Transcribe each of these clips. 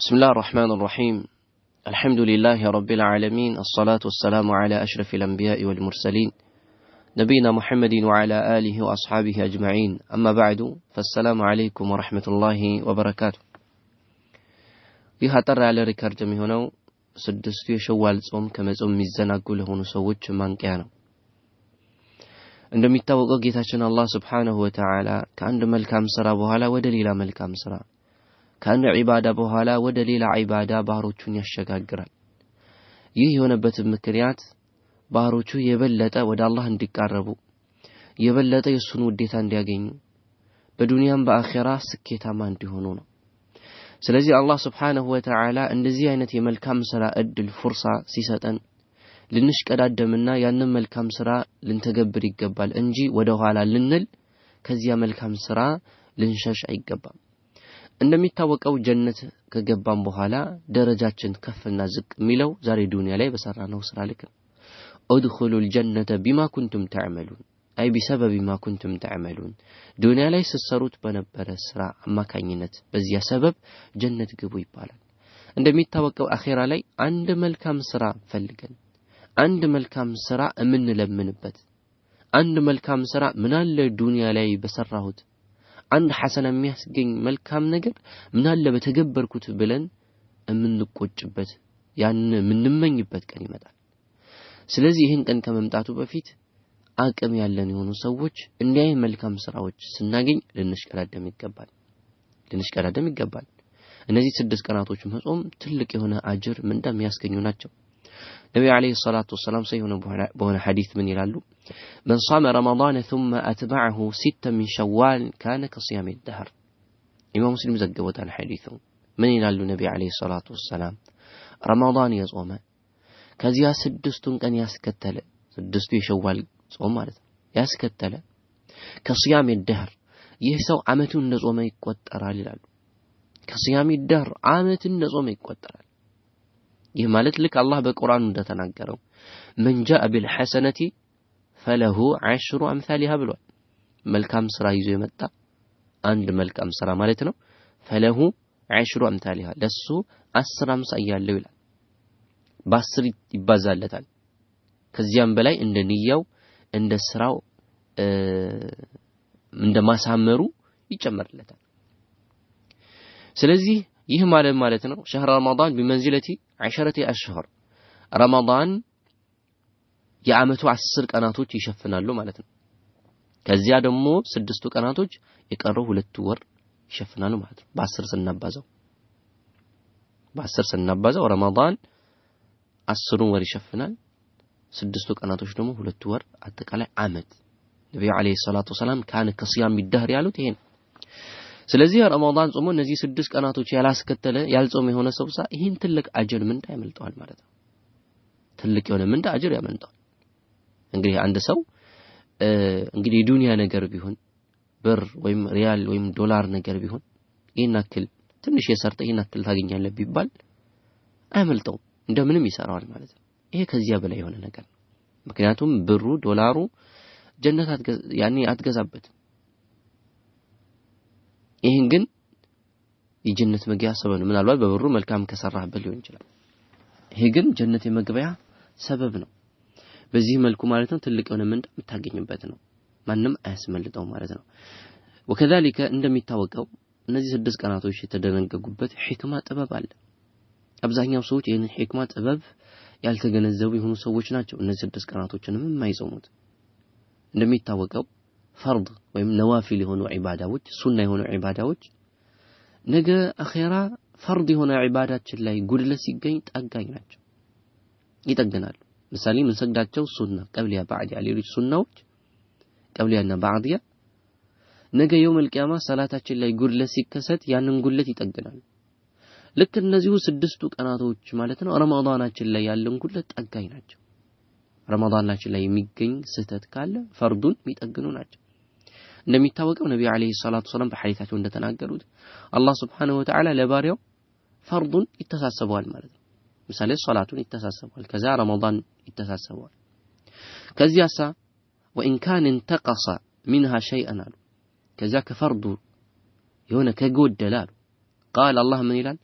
بسم الله الرحمن الرحيم الحمد لله رب العالمين الصلاة والسلام على أشرف الأنبياء والمرسلين نبينا محمد وعلى آله وأصحابه أجمعين أما بعد فالسلام عليكم ورحمة الله وبركاته بها ترى على ركارج هنا سدست شوال صوم كما صوم ميزانا كل هنا سوت من كان عندما يتوقع الله سبحانه وتعالى كأن ملكام سرا لا ودليل ملكام سرا ከአንድ ዒባዳ በኋላ ወደ ሌላ ዒባዳ ባህሮቹን ያሸጋግራል። ይህ የሆነበትን ምክንያት ባህሮቹ የበለጠ ወደ አላህ እንዲቃረቡ የበለጠ የእሱን ውዴታ እንዲያገኙ በዱንያም በአኼራ ስኬታማ እንዲሆኑ ነው። ስለዚህ አላህ ስብሓንሁ ወተዓላ እንደዚህ አይነት የመልካም ስራ እድል ፉርሳ ሲሰጠን ልንሽቀዳደምና ያንን መልካም ስራ ልንተገብር ይገባል እንጂ ወደ ኋላ ልንል ከዚያ መልካም ስራ ልንሸሽ አይገባም። እንደሚታወቀው ጀነት ከገባም በኋላ ደረጃችን ከፍና ዝቅ የሚለው ዛሬ ዱንያ ላይ በሰራነው ስራ ልክ ነው። ኡድኹሉል ጀነተ ቢማ ኩንቱም ተዕመሉን አይ ቢሰበብ ማ ኩንቱም ተዕመሉን ዱንያ ላይ ስትሰሩት በነበረ ስራ አማካኝነት በዚያ ሰበብ ጀነት ግቡ ይባላል። እንደሚታወቀው አኼራ ላይ አንድ መልካም ስራ ፈልገን አንድ መልካም ስራ እምንለምንበት አንድ መልካም ስራ ምናለ ዱንያ ላይ በሰራሁት አንድ ሐሰና የሚያስገኝ መልካም ነገር ምናለ በተገበርኩት ብለን የምንቆጭበት ያን የምንመኝበት ቀን ይመጣል። ስለዚህ ይህን ቀን ከመምጣቱ በፊት አቅም ያለን የሆኑ ሰዎች እንዲያይ መልካም ስራዎች ስናገኝ ልንሽቀዳደም ይገባል፣ ልንሽቀዳደም ይገባል። እነዚህ ስድስት ቀናቶች መጾም ትልቅ የሆነ አጅር ምንዳ የሚያስገኙ ናቸው። النبي عليه الصلاة والسلام سيهن بهن حديث من يلالو من صام رمضان ثم أتبعه ستة من شوال كان كصيام الدهر إمام مسلم زقب عن حديثه من يلالو النبي عليه الصلاة والسلام رمضان يزوم كزيا سدستون كان يسكتل سدستو شوال صوم مالت يسكتل كصيام الدهر يهسو عمتون نزوما يكوت أرالي لالو كصيام الدهر عمتون نزوما يكوت أرالي ይህ ማለት ልክ አላህ በቁርአኑ እንደተናገረው መን ጃአ ቢልሐሰነቲ ፈለሁ ዐሽሩ አምሳሊሃ ብሏል። መልካም ስራ ይዞ የመጣ አንድ መልካም ስራ ማለት ነው። ፈለሁ ዐሽሩ አምሳሊሃ ለሱ አስር አምሳ እያለው ይላል። በአስር ይባዛለታል። ከዚያም በላይ እንደ ንያው እንደ ስራው እንደ ማሳመሩ ይጨመርለታል። ስለዚህ ይህ ማለት ማለት ነው ሸህር ረመዳን ቢመንዚለቲ عشرة أشهر رمضان يا عمتو على السر قناتوج يشفنا له معناتن كزي هذا مو سدستو قناتوج يقرو هلت ور يشفنا له معناتن بعصر سنبازو بعصر سنبازو رمضان عصر ور يشفنا سدستو قناتوج دومو هلت ور اتقالي عمت النبي عليه الصلاة والسلام كان كصيام الدهر يالو تهين ስለዚህ ረመዳን ጾሞ እነዚህ ስድስት ቀናቶች ያላስከተለ ያልጾመ የሆነ ሰው ይህን ትልቅ አጀር ምንዳ ያመልጠዋል ማለት ነው። ትልቅ የሆነ ምንዳ አጅር ያመልጠዋል። እንግዲህ አንድ ሰው እንግዲህ ዱንያ ነገር ቢሆን ብር ወይም ሪያል ወይም ዶላር ነገር ቢሆን ይህን አክል ትንሽ የሰርጠ ይህን አክል ታገኛለህ ቢባል አይመልጠውም፣ እንደምንም ይሰራዋል ማለት ነው። ይሄ ከዚያ በላይ የሆነ ነገር ነው። ምክንያቱም ብሩ ዶላሩ ጀነት ያኔ አትገዛበትም። ይህን ግን የጀነት መግቢያ ሰበብ ነው። ምናልባት በብሩ መልካም ከሰራህበት ሊሆን ይችላል። ይሄ ግን ጀነት የመግቢያ ሰበብ ነው። በዚህ መልኩ ማለት ነው ትልቅ የሆነ ምንዳ የምታገኝበት ነው። ማንም አያስመልጠው ማለት ነው። ወከዛሊከ እንደሚታወቀው እነዚህ ስድስት ቀናቶች የተደነገጉበት ህክማ ጥበብ አለ። አብዛኛው ሰዎች ይህንን ህክማ ጥበብ ያልተገነዘቡ የሆኑ ሰዎች ናቸው እነዚህ ስድስት ቀናቶችንም የማይጾሙት እንደሚታወቀው ፈርድ ወይም ነዋፊል የሆኑ ዒባዳዎች ሱና የሆኑ ዒባዳዎች ነገ አኼራ ፈርድ የሆነ ዒባዳችን ላይ ጉድለት ሲገኝ ጠጋኝ ናቸው፣ ይጠግናሉ። ምሳሌ የምንሰግዳቸው ሱና ቀብሊያ፣ ባዕድያ፣ ሌሎች ሱናዎች ቀብሊያና ባዕድያ ነገ የውመል ቂያማ ሰላታችን ላይ ጉድለት ሲከሰት ያንን ጉድለት ይጠግናሉ። ልክ እነዚሁ ስድስቱ ቀናቶች ማለት ነው ረመዳናችን ላይ ያለን ጉድለት ጠጋኝ ናቸው። ረመዳናችን ላይ የሚገኝ ስህተት ካለ ፈርዱን የሚጠግኑ ናቸው። نمي تاوك النبي عليه الصلاة والسلام بحديثة وندتا نقرود الله سبحانه وتعالى لباريو فرض اتساسبوا المرض مثال الصلاة اتساسبوا كذا رمضان اتساسبوا كذا سا وإن كان انتقص منها شيئا كذا كفرض يونا كقود دلال قال الله من إلان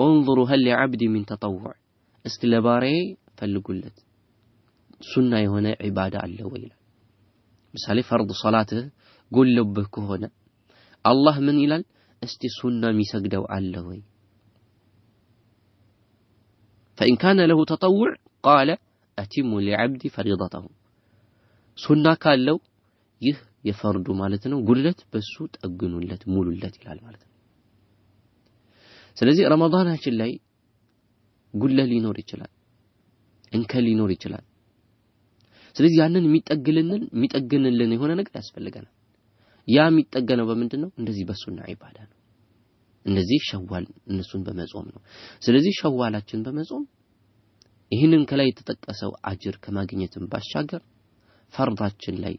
انظروا هل لعبدي من تطوع استلباري فلقلت سنة هنا عبادة على ويلة مثال فرض صلاته ጎለብህ ከሆነ አላህ ምን ይላል? እስቲ ሱና የሚሰግደው አለ ወይ? ፈኢን ካነ ለሁ ተጠውዕ ቃለ አቲሙ ሊዐብዲ ፈሪደተሁ ሱና ካለው ይህ የፈርዱ ማለት ነው ጉድለት በሱ ጠግኑለት ሙሉለት ይላል ማለት ነው። ስለዚህ ረመዳናችን ላይ ጉድለት ሊኖር ይችላል፣ እንከን ሊኖር ይችላል። ስለዚህ ያንን የሚጠግንልን የሚጠግንልን የሆነ ነገር ያስፈልገናል። ያ የሚጠገነው በምንድን ነው? እንደዚህ በሱና ኢባዳ ነው። እንደዚህ ሸዋል እነሱን በመጾም ነው። ስለዚህ ሸዋላችን በመጾም ይህንን ከላይ የተጠቀሰው አጅር ከማግኘትም ባሻገር ፈርዳችን ላይ